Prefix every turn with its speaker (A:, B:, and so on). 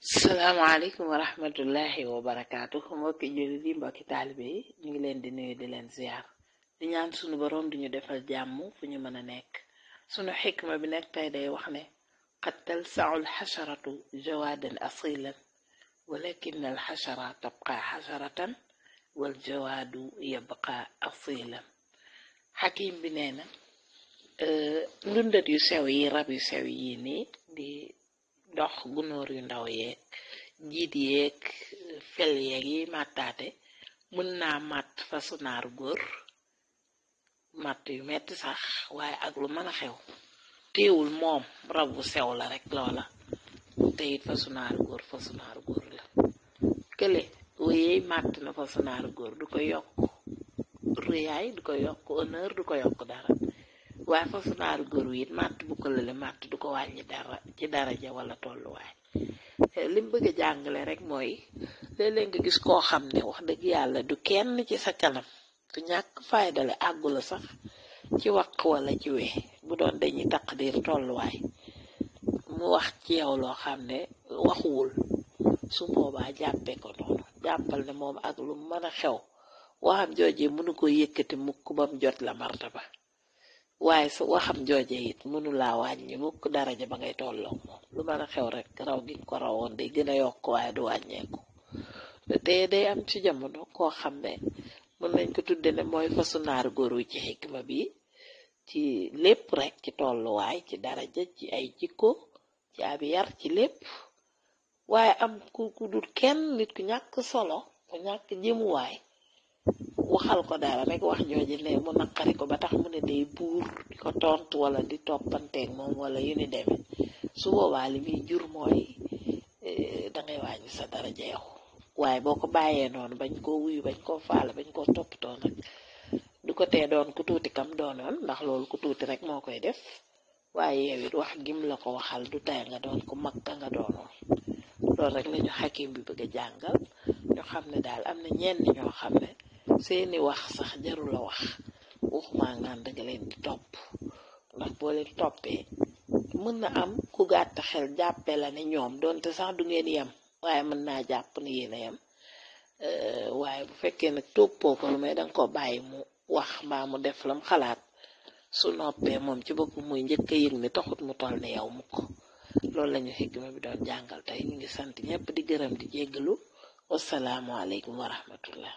A: salaamaaleykum wa rahmatullahi wa barakaatu mbokki jullit yi mbokki taalibe yi ñu ngi leen di nuyu di leen ziar di ñaan sunu borom di ñu defal jàmm fu ñu mën a nekk sunu xikma bi nekk tey day wax ne qad talsaul xasharatu jawaadan asilan walakin al xashara tabqa xasharatan wal jawaadu yabqa asilan xakim bi nee na euh, ndundat yu sew yi rab yu sew yi nii dox gunóor yu ndaw yeeg njiit yeeg fel yeeg yi màttaate mën naa màtt fasu naar góor màtt yu metti sax waaye ak lu mën a xew teewul moom rab sew la rek loola te it fasu góor fasu naar góor la kële wéyeey màtt na fasu naar góor du ko yokk réyaay du ko yokk honneur du ko yokk dara waaye foofu naaru góor yi màtt bu ko màtt du ko wàññi dara ci daraja wala tolluwaay eh, lim bëgg a jàngale rek mooy léeg-léeg nga gis koo xam ne wax dëgg yàlla du kenn ci sa ñàkk faydale àggula sax ci waq wala ci bu doon dañuy taqdir tolluwaay mu wax ci yow loo xam ne waxuwul su boobaa jàppee ko noonu jàppal ne moom ak lu mën a xew waxam jooje mënu ko yëkkati mukk bam jot la ba waaye su waxam jooje it mënulaa wàññi mukk daraja ba ngay tolloog moom lu mën a xew rek raw gi ko rawoon day gën a yokk waaye du wàññeeku te day am ci jamono koo xam ne mën nañ ko tudde ne mooy fasu naaru góor wi ci xikma bi ci lépp rekk ci tolluwaay ci daraja ci ay jikko ci ab yar ci lépp waaye am ku ku kenn nit ku ñàkk solo ku ñàkk jëmuwaay waxal ko dara rek wax jooji lee mu naqari ko ba tax mu ne day buur di ko tontu wala di toppanteek moom wala yu ni demee su boobaa li muy jur mooy eh, dangay wàññi sa dara jeexu waaye boo ko bàyyee noonu bañ koo wuyu bañ koo faale bañ koo toppatoo nag du ko tee doon ku tuuti kam doonoon ndax loolu ku tuuti rek moo koy def waaye yow it wax gim la ko waxal du tey nga doon ku mag ka nga doonoon loolu rek la ñu bi bëgg a jàngal ñoo xam ne daal am na ñenn ñoo xam ne seeni wax sax jarula wax waxumaa ngaan danga leen di topp ndax boo leen toppee mën na am ku gàtt xel jàppee la ne ñoom doonte sax du ngeen yam waaye mën naa jàpp ne yéen a euh, waaye bu fekkee nag toppoo ko lu may danga ko bàyyi mu wax mbaa mu def lam xalaat su noppee moom ci bopp muy njëkk a yëg ni taxut mu toll ne yow mukk loolu lañu xikma bi doon jàngal tey ñu ngi sant ñépp di gërëm di jéggalu wasalaamualeykum wa rahmatullah